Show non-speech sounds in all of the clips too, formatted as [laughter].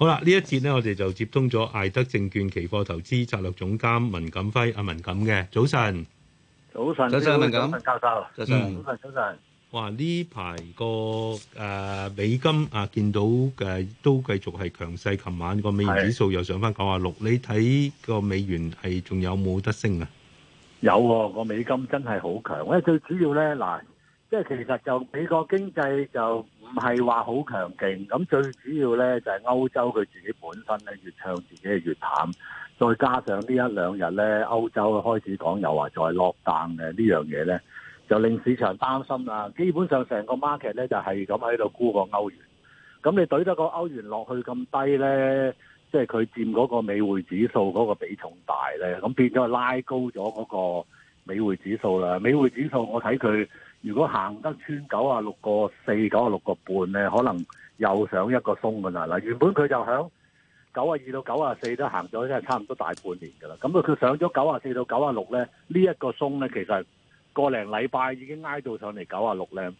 好啦，呢一節呢，我哋就接通咗艾德證券期貨投資策略總監文錦輝，阿、啊、文錦嘅早，早晨，早晨，早晨，文錦，文教早晨，早晨，早晨。哇，呢排個誒美金啊，見到嘅都繼續係強勢，琴晚個美元指數又上翻九啊六，你睇個美元係仲有冇得升啊？有，個美金真係好強。因為最主要咧，嗱。即係其實就美國經濟就唔係話好強勁，咁最主要呢就係、是、歐洲佢自己本身咧越唱自己係越淡，再加上呢一兩日呢，歐洲開始講又話再 lockdown 嘅呢樣嘢呢，就令市場擔心啦。基本上成個 market 呢，就係咁喺度沽個歐元，咁你懟得個歐元落去咁低呢，即係佢佔嗰個美匯指數嗰個比重大呢，咁變咗拉高咗嗰、那個。美匯指數啦，美匯指數我睇佢如果行得穿九啊六個四、九啊六個半咧，可能又上一個松噶啦。嗱，原本佢就響九啊二到九啊四都行咗，即係差唔多大半年噶啦。咁啊，佢上咗九啊四到九啊六咧，呢一個松咧，其實個零禮拜已經挨到上嚟九啊六咧，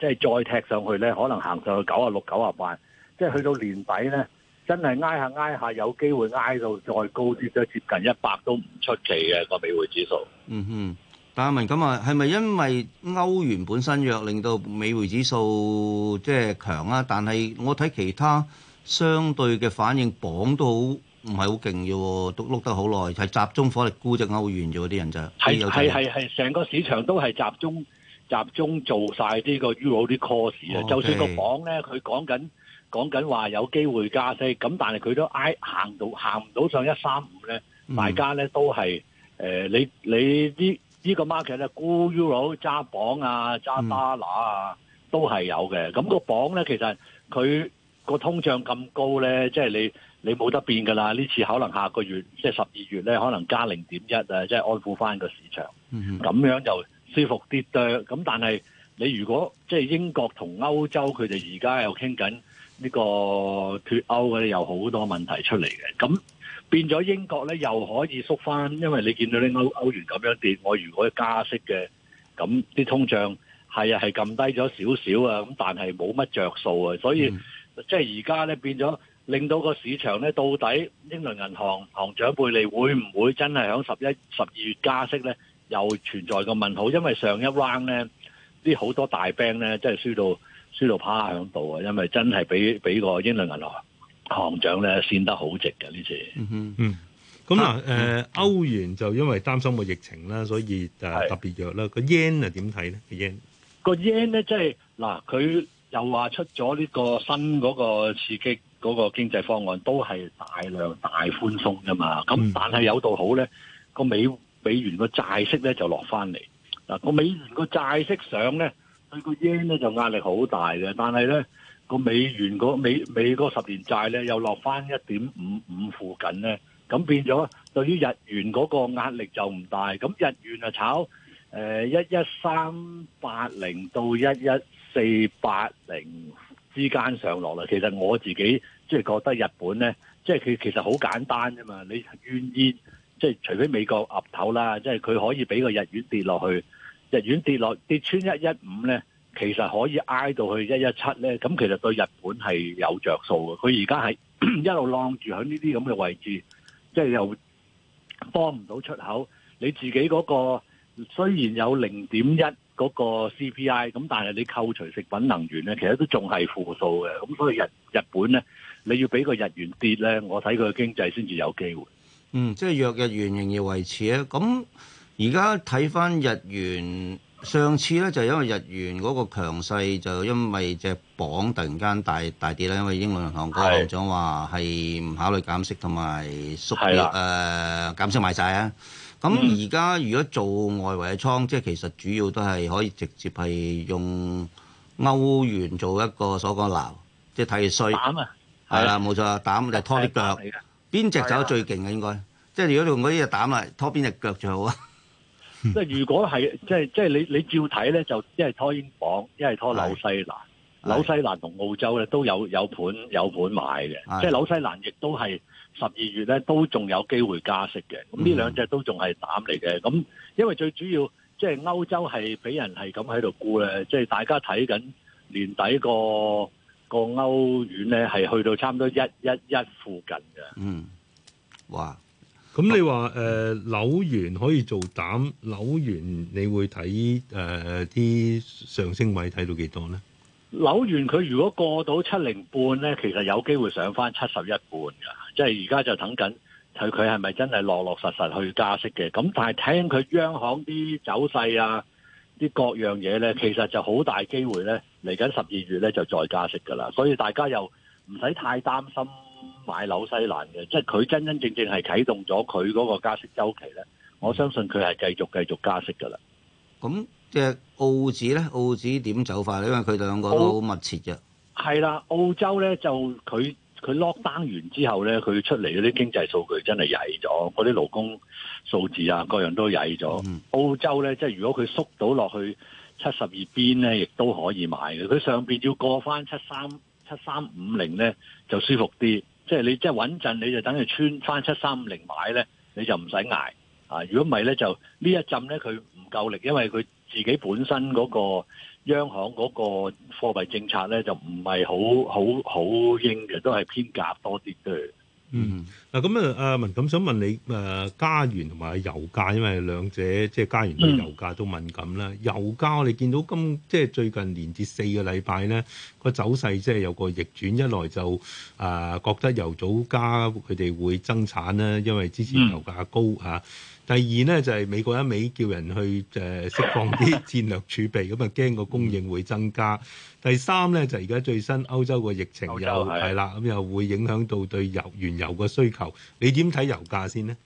即係再踢上去咧，可能行上去九啊六、九啊八，即係去到年底咧。真係挨下挨下，有機會挨到再高啲，都接近一百都唔出奇嘅個美匯指數。嗯哼，但係阿文咁話，係咪因為歐元本身弱，令到美匯指數即係強啊？但係我睇其他相對嘅反應，榜都好唔係好勁嘅喎，都碌得好耐，係集中火力沽隻歐元啫，啲人就係係係係成個市場都係集中集中做晒呢個 Euro 啲 course 啊！就算個榜咧，佢講緊。講緊話有機會加息，咁但係佢都挨行，行到行唔到上一三五咧，mm hmm. 大家咧都係誒、呃、你你呢呢、這個 market 咧沽 Euro 揸榜啊，揸巴拿啊，mm hmm. 都係有嘅。咁、那個榜咧其實佢、這個通脹咁高咧，即係你你冇得變㗎啦。呢次可能下個月即係十二月咧，可能加零點一啊，即係安撫翻個市場，咁、mm hmm. 樣就舒服跌哚。咁但係你如果即係英國同歐洲，佢哋而家又傾緊。呢個脫歐咧有好多問題出嚟嘅，咁變咗英國咧又可以縮翻，因為你見到啲歐歐元咁樣跌，我如果加息嘅，咁啲通脹係啊係撳低咗少少啊，咁但係冇乜著數啊，所以即係而家咧變咗令到個市場咧，到底英倫銀行行長貝利會唔會真係響十一十二月加息咧？又存在個問號，因為上一 round 咧，啲好多大兵咧真係輸到。輸到趴喺度啊！因為真係俾俾個英倫銀行行長咧，先得好值嘅呢次。嗯嗯嗯咁啊，誒，歐、呃嗯、元就因為擔心個疫情啦，所以特別弱啦。個 yen 又點睇咧？個 yen 個 yen 咧，即係嗱，佢又話出咗呢個新嗰個刺激嗰個經濟方案，都係大量大寬鬆噶嘛。咁、嗯、但係有度好咧，個美美元個債息咧就落翻嚟嗱，個美元個債息上咧。佢個 yen 咧就壓力好大嘅，但係咧個美元個美美嗰十年債咧又落翻一點五五附近咧，咁變咗對於日元嗰個壓力就唔大，咁日元啊炒誒一一三八零到一一四八零之間上落啦。其實我自己即係覺得日本咧，即係佢其實好簡單啫嘛，你願意即係、就是、除非美國岌頭啦，即係佢可以俾個日元跌落去。日元跌落跌穿一一五咧，其實可以挨到去一一七咧，咁其實對日本係有着數嘅。佢而家係一路晾住響呢啲咁嘅位置，即係又幫唔到出口。你自己嗰個雖然有零點一嗰個 CPI，咁但係你扣除食品能源咧，其實都仲係負數嘅。咁所以日日本咧，你要俾個日元跌咧，我睇佢嘅經濟先至有機會。嗯，即係若日元仍然維持啊，咁。而家睇翻日元，上次咧就是、因為日元嗰個強勢，就因為隻鎊突然間大大跌啦，因為英倫銀行高層話係唔考慮減息同埋縮，誒的、呃、減息賣晒啊！咁而家如果做外圍嘅倉，即係、嗯、其實主要都係可以直接係用歐元做一個所講嘅鬧，即係睇衰膽啊！係啦，冇錯，膽就拖啲腳。邊隻走得最勁嘅應該？的即係如果用嗰啲嘢膽啦，拖邊隻腳最好啊？即係 [laughs] 如果係，即係即係你你照睇咧，就一係拖英鎊，一係拖紐西蘭。是紐西蘭同澳洲咧都有有盤有盤買嘅，即係是紐西蘭亦都係十二月咧都仲有機會加息嘅。咁呢兩隻都仲係膽嚟嘅。咁、嗯、因為最主要即係、就是、歐洲係俾人係咁喺度估咧，即、就、係、是、大家睇緊年底個個歐元咧係去到差唔多一一一附近嘅。嗯，哇！咁你話誒紐元可以做膽，紐元你會睇誒啲上升位睇到幾多呢？紐元佢如果過到七零半呢，其實有機會上返七十一半㗎，即係而家就等緊佢，佢係咪真係落落實實去加息嘅。咁但係聽佢央行啲走勢啊，啲各樣嘢呢，其實就好大機會呢，嚟緊十二月呢就再加息㗎啦。所以大家又唔使太擔心。買紐西蘭嘅，即係佢真真正正係啟動咗佢嗰個加息周期咧。我相信佢係繼續繼續加息噶啦。咁嘅、嗯、澳紙咧，澳紙點走法咧？因為佢兩個都好密切嘅。係啦，澳洲咧就佢佢 lock down 完之後咧，佢出嚟嗰啲經濟數據真係曳咗，嗰啲勞工數字啊，各樣都曳咗。嗯、澳洲咧，即係如果佢縮到落去七十二邊咧，亦都可以買嘅。佢上邊要過翻七三七三五零咧，就舒服啲。即係你即係穩陣，你就等佢穿返七三零買咧，你就唔使捱啊！如果唔係咧，就呢一浸咧佢唔夠力，因為佢自己本身嗰個央行嗰個貨幣政策咧就唔係好好好鷹嘅，都係偏鴿多啲嘅。嗯，嗱咁啊，阿文錦想問你，誒、啊，加元同埋油價，因為兩者即係加元對油價都敏感啦。嗯、油價我哋見到今即係最近連跌四個禮拜咧，個走勢即係有個逆轉，一來就啊，覺得油組加佢哋會增產啦，因為之前油價高吓。啊第二咧就係、是、美國一味叫人去誒釋放啲戰略儲備，咁啊驚個供應會增加。第三咧就係而家最新歐洲個疫情又係啦，咁又會影響到對油原油個需求。你點睇油價先呢？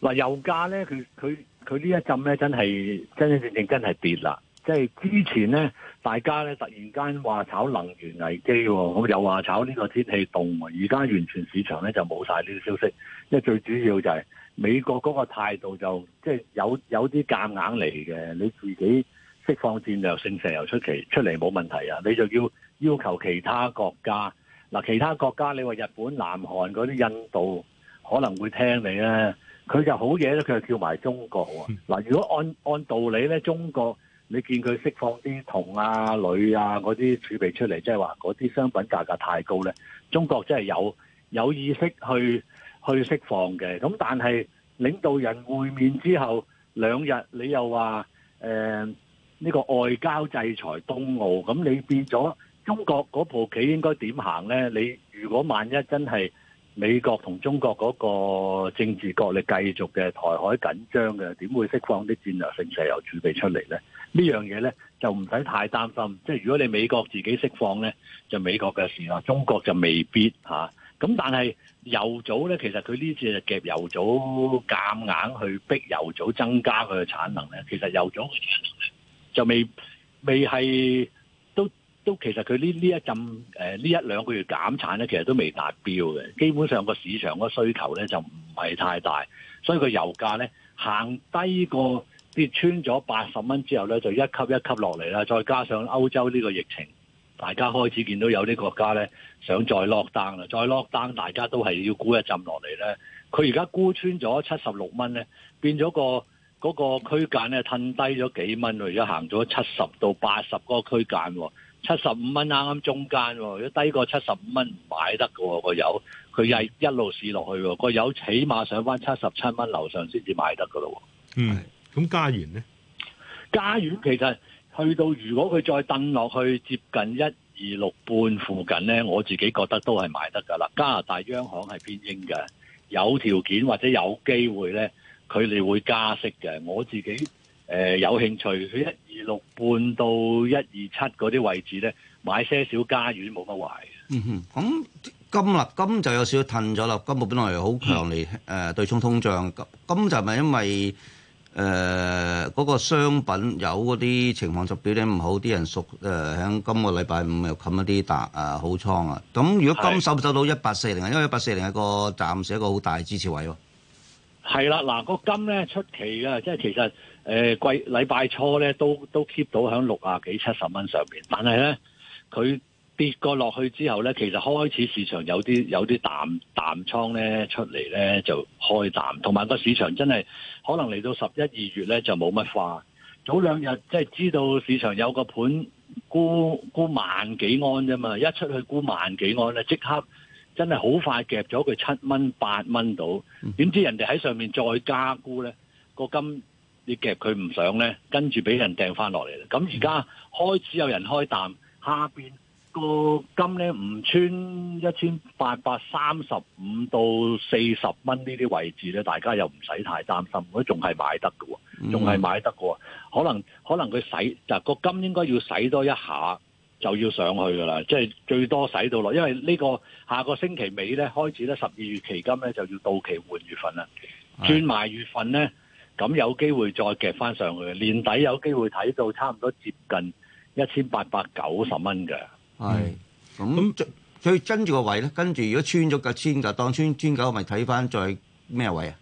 嗱，油價咧，佢佢佢呢一浸咧，真係真真正正真係跌啦。即、就、係、是、之前咧，大家咧突然間話炒能源危機，咁又話炒呢個天氣凍，而家完全市場咧就冇晒呢個消息。因為最主要就係、是。美國嗰個態度就即係、就是、有有啲夾硬嚟嘅，你自己釋放戰略性石油出嚟，出嚟冇問題啊！你就要要求其他國家嗱、啊，其他國家你話日本、南韓嗰啲、印度可能會聽你咧，佢就好嘢咧，佢就叫埋中國喎。嗱、啊，如果按按道理咧，中國你見佢釋放啲銅啊、鋁啊嗰啲儲備出嚟，即係話嗰啲商品價格太高咧，中國真係有有意識去。去釋放嘅，咁但係領導人會面之後兩日，你又話誒呢個外交制裁冬奧，咁你變咗中國嗰步棋應該點行呢？你如果萬一真係美國同中國嗰個政治角力繼續嘅台海緊張嘅，點會釋放啲戰略性石油儲備出嚟呢？呢樣嘢呢就唔使太擔心，即係如果你美國自己釋放呢，就美國嘅事啦，中國就未必嚇。咁但係。油組咧，其實佢呢次就夾油組夾硬，硬去逼油組增加佢嘅產能咧。其實油組就未未係都都，都其實佢呢呢一陣誒呢一兩個月減產咧，其實都未達標嘅。基本上個市場個需求咧就唔係太大，所以佢油價咧行低個跌穿咗八十蚊之後咧，就一級一級落嚟啦。再加上歐洲呢個疫情。大家開始見到有啲國家咧想再 lock down 啦，再 lock down 大家都係要沽一浸落嚟咧。佢而家沽穿咗七十六蚊咧，變咗、嗰個嗰、嗰個區間咧褪低咗幾蚊，佢而家行咗七十到八十嗰個區間，七十五蚊啱啱中間，如果低過七十五蚊唔買得嘅個油，佢係一路試落去個油，起碼上翻七十七蚊樓上先至買得嘅咯。嗯，咁加元咧？加元其實。去到如果佢再燉落去接近一二六半附近呢，我自己覺得都係買得噶啦。加拿大央行係偏鷹嘅，有條件或者有機會呢，佢哋會加息嘅。我自己、呃、有興趣，去一二六半到一二七嗰啲位置呢，買些少加元冇乜壞。嗯哼，咁金立金就有少少褪咗啦。金本來好強烈誒、嗯呃、對沖通脹，金就就咪因為。誒嗰、呃嗰個商品有嗰啲情況就表現唔好，啲人熟。誒、呃、喺今個禮拜五又冚一啲達啊好倉啊！咁如果金收唔收到一八四零，因為一八四零係個暫時一個好大的支持位喎、啊。係啦，嗱、嗰個金咧出奇啊！即係其實誒貴禮拜初咧都都 keep 到喺六啊幾七十蚊上面，但係咧佢。跌過落去之後呢，其實開始市場有啲有啲淡淡倉呢出嚟呢，就開淡，同埋個市場真係可能嚟到十一二月呢，就冇乜花。早兩日即係知道市場有個盤沽沽萬幾安啫嘛，一出去沽萬幾安呢，即刻真係好快夾咗佢七蚊八蚊到，點知人哋喺上面再加沽呢個金，你夾佢唔上呢，跟住俾人掟翻落嚟。咁而家開始有人開淡下邊。個金咧唔穿一千八百三十五到四十蚊呢啲位置咧，大家又唔使太擔心，佢仲係買得嘅，仲係買得嘅。可能可能佢使就個金應該要使多一下就要上去嘅啦，即係最多使到落，因為呢個下個星期尾咧開始咧十二月期金咧就要到期換月份啦，是的 轉埋月份咧咁有機會再夾翻上去，年底有機會睇到差唔多接近一千八百九十蚊嘅。係咁最跟住個位咧，跟住如果穿咗個千，就當穿穿九，咪睇翻再咩位，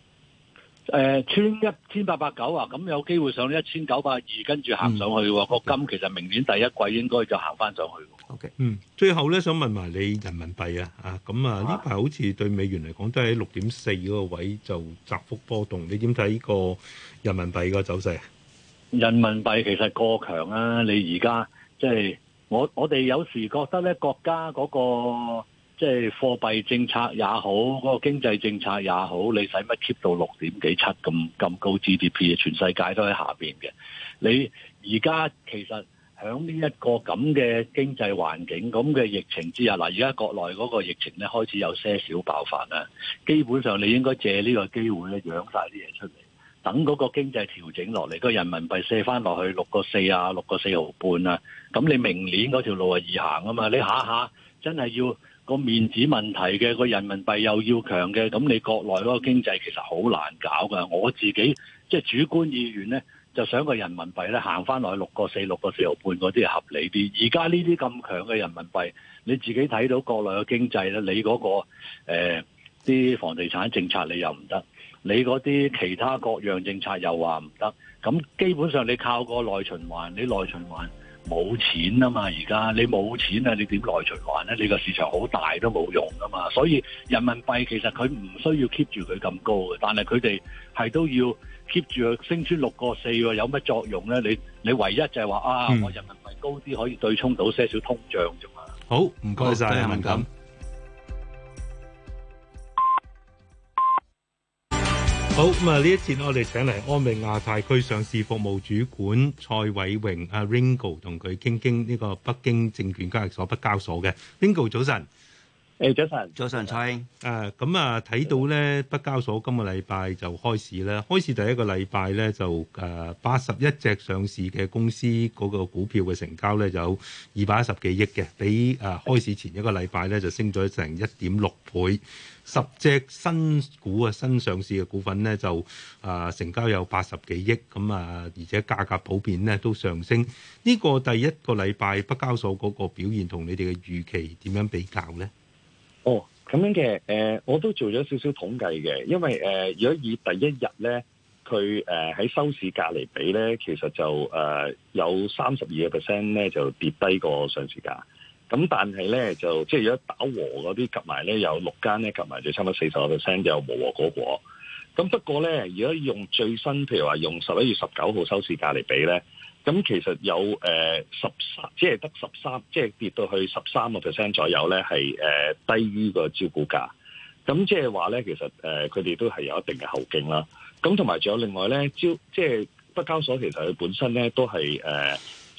呃、啊，誒，穿一千八百九啊，咁有機會上一千九百二，跟住行上去喎。個、嗯、金其實明年第一季應該就行翻上去。O K，嗯，最後咧想問埋你人民幣啊，啊咁啊呢排，啊、好似對美元嚟講都喺六點四嗰個位就窄幅波動，你點睇呢個人民幣個走勢？人民幣其實過強啊，你而家即係。就是我我哋有時覺得咧，國家嗰個即係貨幣政策也好，嗰個經濟政策也好，你使乜 keep 到六點幾七咁咁高 GDP 啊？全世界都喺下邊嘅。你而家其實喺呢一個咁嘅經濟環境、咁嘅疫情之下，嗱，而家國內嗰個疫情咧開始有些少爆發啦。基本上，你應該借呢個機會咧，養曬啲嘢出嚟。等嗰個經濟調整落嚟，個人民幣卸翻落去六個四啊，六個四毫半啊，咁你明年嗰條路係易行啊嘛，你下下真係要個面子問題嘅，個人民幣又要強嘅，咁你國內嗰個經濟其實好難搞噶。我自己即係、就是、主觀意願呢，就想個人民幣咧行翻落去六個四、六個四毫半嗰啲係合理啲。而家呢啲咁強嘅人民幣，你自己睇到國內嘅經濟咧，你嗰、嗰個啲、呃、房地產政策你又唔得。你嗰啲其他各樣政策又話唔得，咁基本上你靠個內循環，你內循環冇錢啊嘛，而家你冇錢啊，你點內循環咧？你個市場好大都冇用噶嘛，所以人民幣其實佢唔需要 keep 住佢咁高嘅，但係佢哋係都要 keep 住升穿六個四喎，有乜作用咧？你你唯一就係話啊，我、嗯、人民幣高啲可以對沖到些少通脹啫嘛。好，唔該晒。文錦、嗯。好咁啊！呢一節我哋請嚟安永亞太區上市服務主管蔡偉榮啊，Ringo 同佢傾傾呢個北京證券交易所北交所嘅，Ringo 早晨。誒，早晨，早晨，蔡英。誒，咁啊，睇到咧北交所今個禮拜就開市啦，開市第一個禮拜咧就，誒，八十一隻上市嘅公司嗰個股票嘅成交咧有二百一十幾億嘅，比誒開市前一個禮拜咧就升咗成一點六倍。十隻新股啊，新上市嘅股份呢，就啊成交有八十幾億，咁啊而且價格普遍呢都上升。呢、呢個第一個禮拜北交所嗰個表現同你哋嘅預期點樣比較呢？哦，咁樣嘅，誒、呃、我都做咗少少統計嘅，因為誒、呃、如果以第一日呢，佢誒喺收市價嚟比呢，其實就誒、呃、有三十二個 percent 咧就跌低過上市價。咁但係咧就即係如果打和嗰啲及埋咧有六間咧及埋就差唔多四十個 percent 就冇和果果，咁不過咧如果用最新譬如話用十一月十九號收市價嚟比咧，咁其實有十三，呃、10, 即係得十三，即係跌到去十三個 percent 左右咧，係、呃、低於個招股價，咁即係話咧其實佢哋、呃、都係有一定嘅後勁啦。咁同埋仲有另外咧招，即係北交所其實佢本身咧都係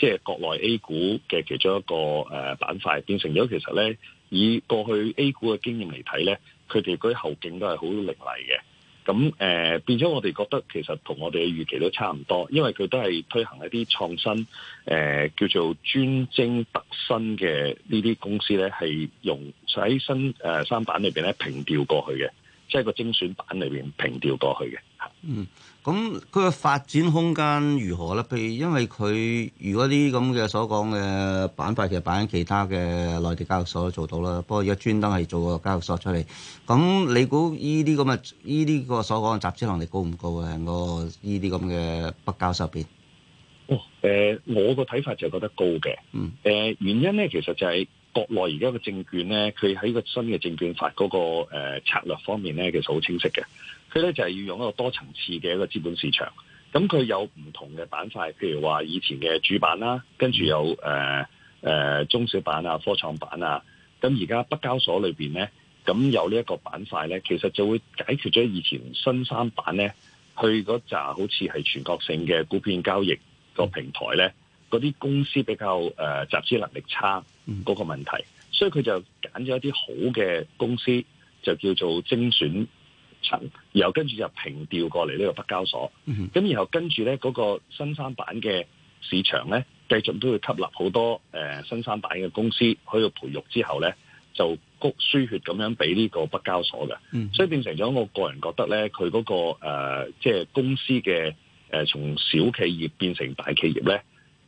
即係國內 A 股嘅其中一個誒板塊，變成咗，其實咧，以過去 A 股嘅經驗嚟睇咧，佢哋嗰啲後勁都係好凌厲嘅。咁誒、呃，變咗我哋覺得其實同我哋嘅預期都差唔多，因為佢都係推行一啲創新誒、呃，叫做專精特新嘅呢啲公司咧，係用喺新誒、呃、三板裏邊咧平調過去嘅，即係個精選板裏邊平調過去嘅。嗯。咁佢嘅發展空間如何咧？譬如因為佢如果啲咁嘅所講嘅板塊，其實擺喺其他嘅內地交易所都做到啦。不過而家專登係做個交易所出嚟，咁你估依啲咁嘅依啲個所講嘅集資能力高唔高啊？喺個依啲咁嘅北交所邊？哦，誒、呃，我個睇法就係覺得高嘅，嗯，誒、呃，原因咧其實就係國內而家個證券咧，佢喺個新嘅證券法嗰、那個、呃、策略方面咧，其實好清晰嘅。佢咧就係、是、要用一個多層次嘅一個資本市場，咁佢有唔同嘅板塊，譬如話以前嘅主板啦，跟住有誒誒、呃呃、中小板啊、科創板啊，咁而家北交所裏邊咧，咁有呢一個板塊咧，其實就會解決咗以前新三板咧，去嗰扎好似係全國性嘅股票交易個平台咧，嗰啲公司比較誒、呃、集資能力差，嗰個問題，所以佢就揀咗一啲好嘅公司，就叫做精選。層，然後跟住就平調過嚟呢個北交所，咁、嗯、然後跟住呢嗰、那個新三板嘅市場呢，繼續都會吸納好多誒、呃、新三板嘅公司去培育之後呢，就谷輸血咁樣俾呢個北交所嘅，嗯、所以變成咗我個人覺得呢，佢嗰、那個誒即係公司嘅誒、呃、從小企業變成大企業呢，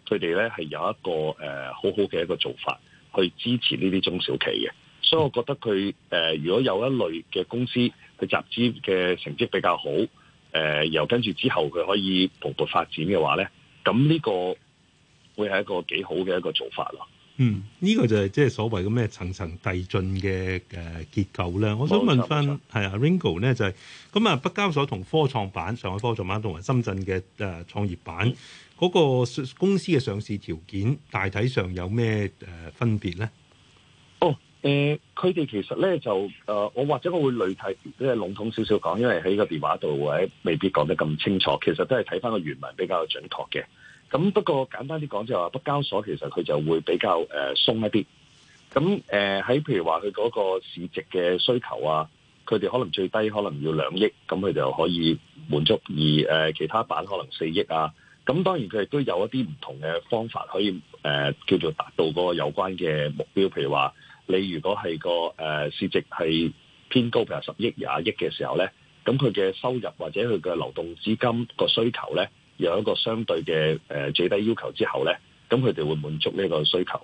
佢哋呢係有一個誒、呃、好好嘅一個做法去支持呢啲中小企嘅，所以我覺得佢誒、呃、如果有一類嘅公司。集資嘅成績比較好，誒、呃，又跟住之後佢可以蓬勃發展嘅話咧，咁呢個會係一個幾好嘅一個做法咯。嗯，呢、這個就係即係所謂嘅咩層層遞進嘅誒結構啦。冇錯，我想問翻係啊，Ringo 咧就係咁啊，就是、北交所同科創板、上海科創板同埋深圳嘅誒創業板嗰、嗯、個公司嘅上市條件大體上有咩誒分別咧？誒，佢哋、呃、其實咧就誒、呃，我或者我會累睇，即係籠統少少講，因為喺個電話度或者未必講得咁清楚，其實都係睇翻個原文比較準確嘅。咁不過簡單啲講，就係話北交所其實佢就會比較、呃、鬆一啲。咁誒喺譬如話佢嗰個市值嘅需求啊，佢哋可能最低可能要兩億，咁佢就可以滿足。而、呃、其他板可能四億啊，咁當然佢哋都有一啲唔同嘅方法可以、呃、叫做達到嗰個有關嘅目標，譬如話。你如果係個誒市值係偏高譬如十億廿億嘅時候咧，咁佢嘅收入或者佢嘅流動資金個需求咧，有一個相對嘅誒最低要求之後咧，咁佢哋會滿足呢個需求。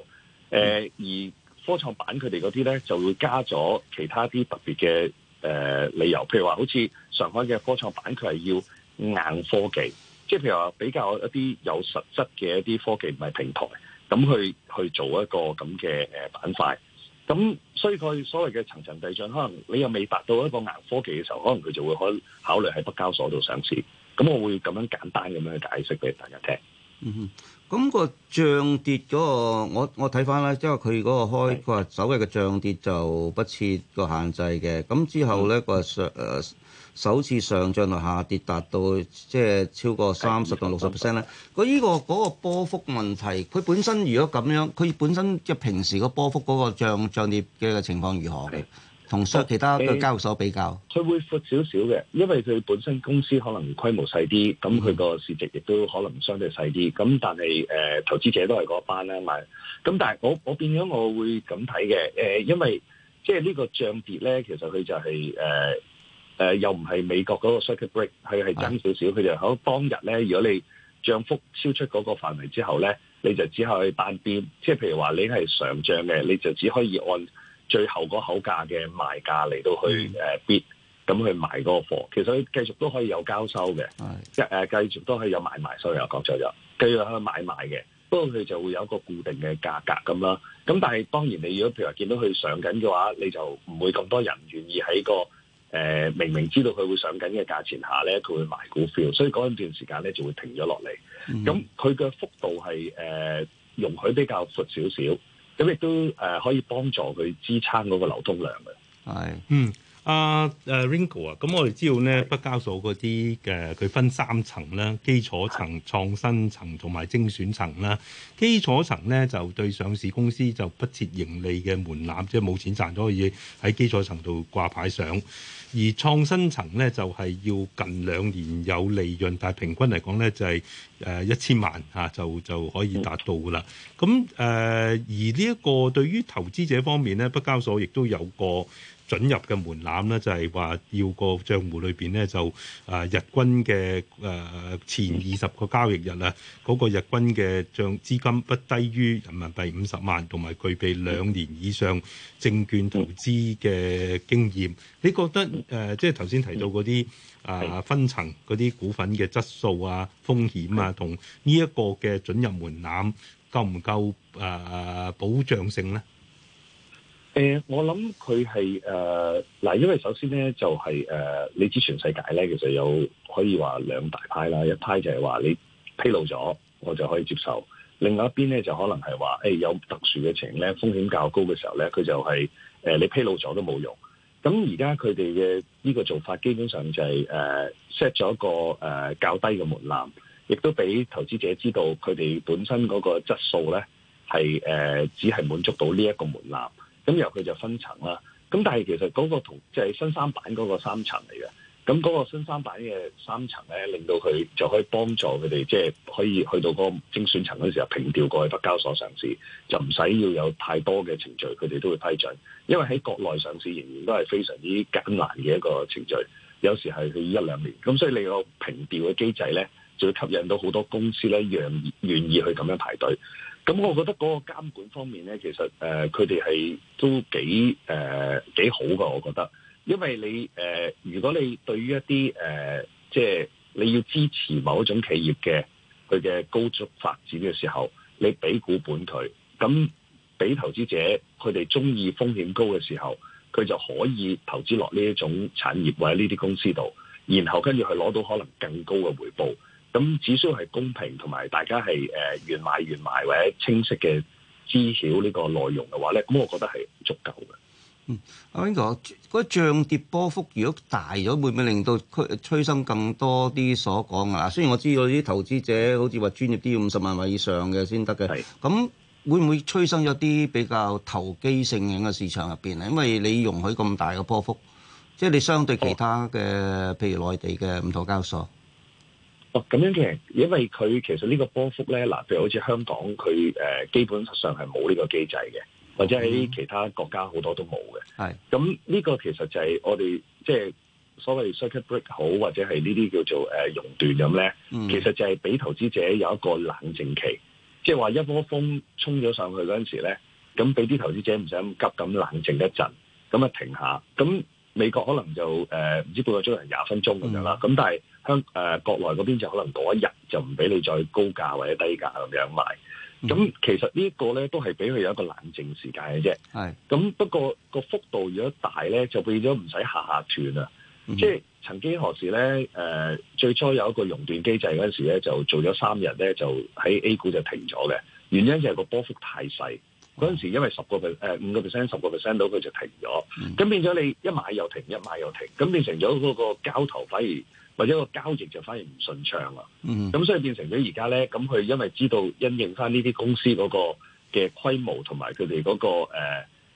誒而科創板佢哋嗰啲咧就會加咗其他啲特別嘅誒理由，譬如話好似上海嘅科創板佢係要硬科技，即係譬如話比較一啲有實質嘅一啲科技唔係平台，咁去去做一個咁嘅誒板塊。咁所以佢所謂嘅層層遞進，可能你又未達到一個硬科技嘅時候，可能佢就會可考慮喺北交所度上市。咁我會咁樣簡單咁樣去解釋俾大家聽。嗯，咁個漲跌嗰個，我我睇翻咧，即係佢嗰個開，首日所謂嘅漲跌就不設個限制嘅。咁之後咧，個誒。首次上漲同下跌達到即係超過三十到六十 percent 咧。佢呢是、這個嗰、那個、波幅問題，佢本身如果咁樣，佢本身即係平時個波幅嗰、那個漲跌嘅情況如何嘅？同上其他嘅交易所比較，佢會闊少少嘅，因為佢本身公司可能規模細啲，咁佢個市值亦都可能相對細啲。咁、嗯、但係誒、呃、投資者都係嗰班啦，嘛。咁但係我我變咗我會咁睇嘅。誒、呃，因為即係呢個漲跌咧，其實佢就係、是、誒。呃誒、呃、又唔係美國嗰個 circuit break，佢係增少少，佢的就好、是、當日咧。如果你漲幅超出嗰個範圍之後咧，你就只可以單邊，即係譬如話你係上漲嘅，你就只可以按最後嗰口價嘅賣價嚟到去誒 bid，咁去賣嗰個貨。其實佢繼續都可以有交收嘅的、呃，繼續都可以有買賣收入，所以又講就有，繼續可以買賣嘅。不過佢就會有一個固定嘅價格咁啦。咁但係當然你如果譬如話見到佢上緊嘅話，你就唔會咁多人願意喺個。誒，明明知道佢會上緊嘅價錢下咧，佢會賣股票，所以嗰段時間咧就會停咗落嚟。咁佢嘅幅度係誒、呃、容許比較闊少少，咁亦都誒可以幫助佢支撐嗰個流通量嘅。係，嗯。啊，Ringo 啊，咁、uh, 我哋知道咧，北交所嗰啲嘅佢分三層啦，基礎層、創新層同埋精選層啦。基礎層咧就對上市公司就不設盈利嘅門檻，即係冇錢賺咗可以喺基礎層度掛牌上。而創新層咧就係、是、要近兩年有利潤，但係平均嚟講咧就係一千萬就就可以達到噶啦。咁誒、呃、而呢一個對於投資者方面咧，北交所亦都有個。准入嘅門檻咧，就係話要個賬戶裏邊咧，就啊日均嘅誒前二十個交易日啊，嗰個日均嘅帳資金不低於人民幣五十萬，同埋具備兩年以上證券投資嘅經驗。你覺得誒，即係頭先提到嗰啲啊分層嗰啲股份嘅質素啊、風險啊，同呢一個嘅准入門檻夠唔夠誒保障性咧？誒、欸，我諗佢係誒嗱，因為首先咧就係、是、誒、呃，你知全世界咧其實有可以話兩大派啦，一派就係話你披露咗，我就可以接受；另外一邊咧就可能係話誒有特殊嘅情咧，風險較高嘅時候咧，佢就係、是、誒、呃、你披露咗都冇用。咁而家佢哋嘅呢個做法，基本上就係誒 set 咗一個誒較、呃、低嘅門檻，亦都俾投資者知道佢哋本身嗰個質素咧係誒只係滿足到呢一個門檻。咁入佢就分層啦，咁但係其實嗰個同即係、就是、新三板嗰個三層嚟嘅，咁嗰個新三板嘅三層咧，令到佢就可以幫助佢哋，即、就、係、是、可以去到嗰個精選層嘅時候平調過去北交所上市，就唔使要有太多嘅程序，佢哋都會批准。因為喺國內上市仍然都係非常之艱難嘅一個程序，有時係去一兩年。咁所以你個平調嘅機制咧，就會吸引到好多公司咧，願願意去咁樣排隊。咁我覺得嗰個監管方面咧，其實誒，佢哋係都幾誒幾好噶，我覺得。因為你誒、呃，如果你對於一啲誒、呃，即係你要支持某一種企業嘅佢嘅高速發展嘅時候，你俾股本佢，咁俾投資者佢哋中意風險高嘅時候，佢就可以投資落呢一種產業或者呢啲公司度，然後跟住去攞到可能更高嘅回報。咁只需要係公平，同埋大家係誒願買願賣，或者清晰嘅知曉呢個內容嘅話咧，咁我覺得係足夠嘅。嗯，阿 Vin 哥，嗰漲跌波幅如果大咗，會唔會令到催催生更多啲所講啊？雖然我知道啲投資者好似話專業啲五十萬位以上嘅先得嘅，咁的會唔會催生咗啲比較投機性嘅嘅市場入邊啊？因為你容許咁大嘅波幅，即係你相對其他嘅，嗯、譬如內地嘅唔同交易所。哦，咁樣嘅，因為佢其實呢個波幅咧，嗱，譬如好似香港佢誒，基本上係冇呢個機制嘅，或者喺其他國家好多都冇嘅。係，嗯，咁呢個其實就係我哋即係所謂 circuit break 好，或者係呢啲叫做誒熔斷咁咧，嗯，其實就係俾投資者有一個冷靜期，即係話一窩蜂沖咗上去嗰陣時咧，咁俾啲投資者唔使咁急咁冷靜一陣，咁啊停下。咁美國可能就誒唔，呃，知半個鐘頭廿分鐘咁樣啦，咁，嗯，但係。誒、呃，國內嗰邊就可能嗰一日就唔俾你再高價或者低價咁樣賣，咁、嗯、其實呢個咧都係俾佢有一個冷靜時間嘅啫。係是，咁不過個幅度如果大咧，就變咗唔使下下斷啦。嗯、即係曾經何時咧？誒、呃，最初有一個熔斷機制嗰陣時咧，就做咗三日咧，就喺 A 股就停咗嘅。原因就係個波幅太細，嗰陣時因為十個誒五個 percent 十個 percent 到佢就停咗，咁、嗯、變咗你一買又停，一買又停，咁變成咗嗰個交投反而。或者個交易就反而唔順暢啦，咁、嗯、哼所以變成咗而家咧，咁佢因為知道因應翻呢啲公司嗰個嘅規模同埋佢哋嗰個誒，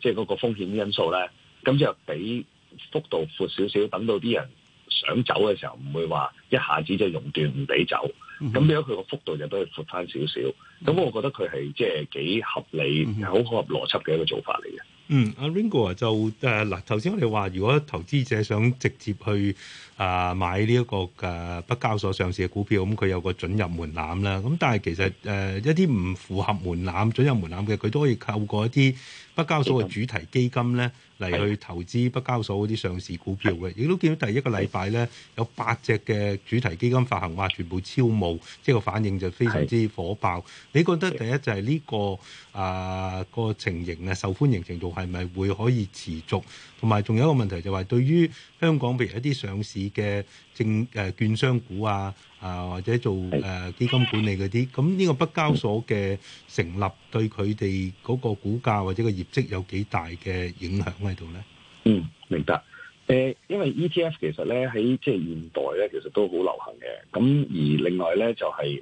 即係嗰個風險因素咧，咁就俾幅度闊少少，等到啲人想走嘅時候，唔會話一下子就熔斷唔俾走，咁變咗佢個幅度就都係闊翻少少，咁我覺得佢係即係幾合理，好、嗯、哼合邏輯嘅一個做法嚟嘅。嗯，阿、啊、Ringo 啊，就誒嗱，頭先我哋話，如果投資者想直接去啊買呢、這、一個誒、啊、北交所上市嘅股票，咁、嗯、佢有個准入門檻啦。咁、嗯、但係其實誒、啊、一啲唔符合門檻准入門檻嘅，佢都可以透過一啲。北交所嘅主題基金咧嚟去投資北交所嗰啲上市股票嘅，亦都見到第一個禮拜咧有八隻嘅主題基金發行，話全部超募，即係個反應就非常之火爆。你覺得第一就係呢個啊、嗰個情形啊受歡迎程度係咪會可以持續？同埋仲有一個問題就係對於香港譬如一啲上市嘅證、啊、券商股啊。啊，或者做誒基金管理嗰啲，咁呢個北交所嘅成立對佢哋嗰個股價或者個業績有幾大嘅影響喺度咧？嗯，明白。誒，因為 ETF 其實咧喺即係現代咧，其實都好流行嘅。咁而另外咧就係誒，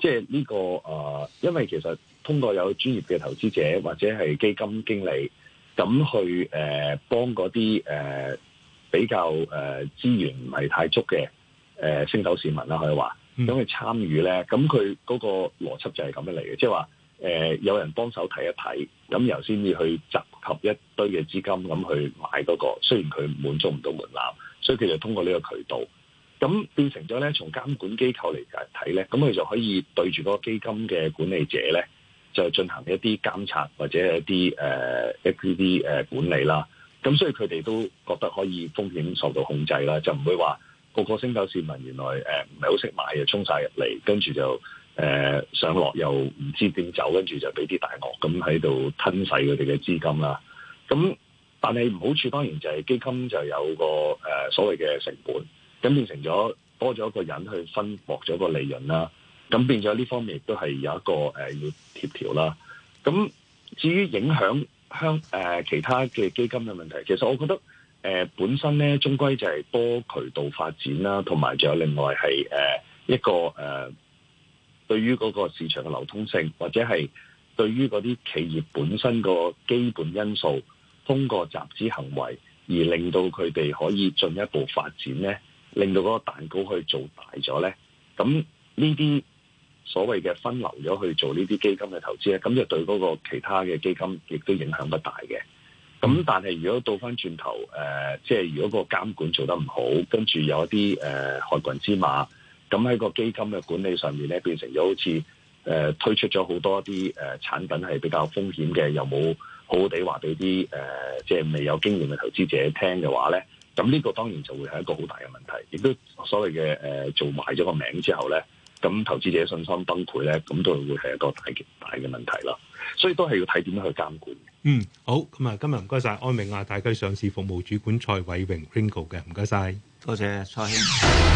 即係呢個誒，因為其實通過有專業嘅投資者或者係基金經理咁去誒幫嗰啲誒比較誒資源唔係太足嘅。誒，升斗市民啦，可以話，咁佢參與咧，咁佢嗰個邏輯就係咁樣嚟嘅，即係話，誒、呃，有人幫手睇一睇，咁由先至去集合一堆嘅資金，咁去買嗰、嗰個，雖然佢滿足唔到門檻，所以佢就通過呢個渠道，咁變成咗咧，從監管機構嚟睇咧，咁佢就可以對住嗰個基金嘅管理者咧，就進行一啲監察或者一啲誒 app 誒管理啦。咁所以佢哋都覺得可以風險受到控制啦，就唔會話。個個升斗市民原來誒唔係好識買啊，衝晒入嚟，跟住就誒、呃、上落又唔知點走，跟住就俾啲大鱷咁喺度吞噬佢哋嘅資金啦。咁但係唔好處當然就係基金就有個誒、呃、所謂嘅成本，咁變成咗多咗一個人去分薄咗個利潤啦。咁變咗呢方面亦都係有一個誒、呃、要協調啦。咁至於影響香誒其他嘅基金嘅問題，其實我覺得。本身咧，終歸就係多渠道發展啦，同埋仲有另外係誒一個誒、呃，對於嗰個市場嘅流通性，或者係對於嗰啲企業本身個基本因素，通過集資行為而令到佢哋可以進一步發展咧，令到嗰個蛋糕去做大咗咧。咁呢啲所謂嘅分流咗去做呢啲基金嘅投資咧，咁就對嗰個其他嘅基金亦都影響不大嘅。咁、嗯、但係如果倒翻轉頭，誒、呃，即係如果個監管做得唔好，跟住有一啲誒害群之馬，咁喺個基金嘅管理上面咧，變成咗好似誒、呃、推出咗好多啲誒、呃、產品係比較風險嘅，又冇好好地話俾啲誒即係未有經驗嘅投資者聽嘅話咧，咁呢個當然就會係一個好大嘅問題，亦都所謂嘅誒、呃、做埋咗個名之後咧，咁投資者信心崩潰咧，咁都會係一個大大嘅問題啦，所以都係要睇點樣去監管。嗯，好，咁啊，今日唔該晒安永亞太區上市服務主管蔡偉榮 Ringo 嘅，唔該晒，多謝，謝蔡兄。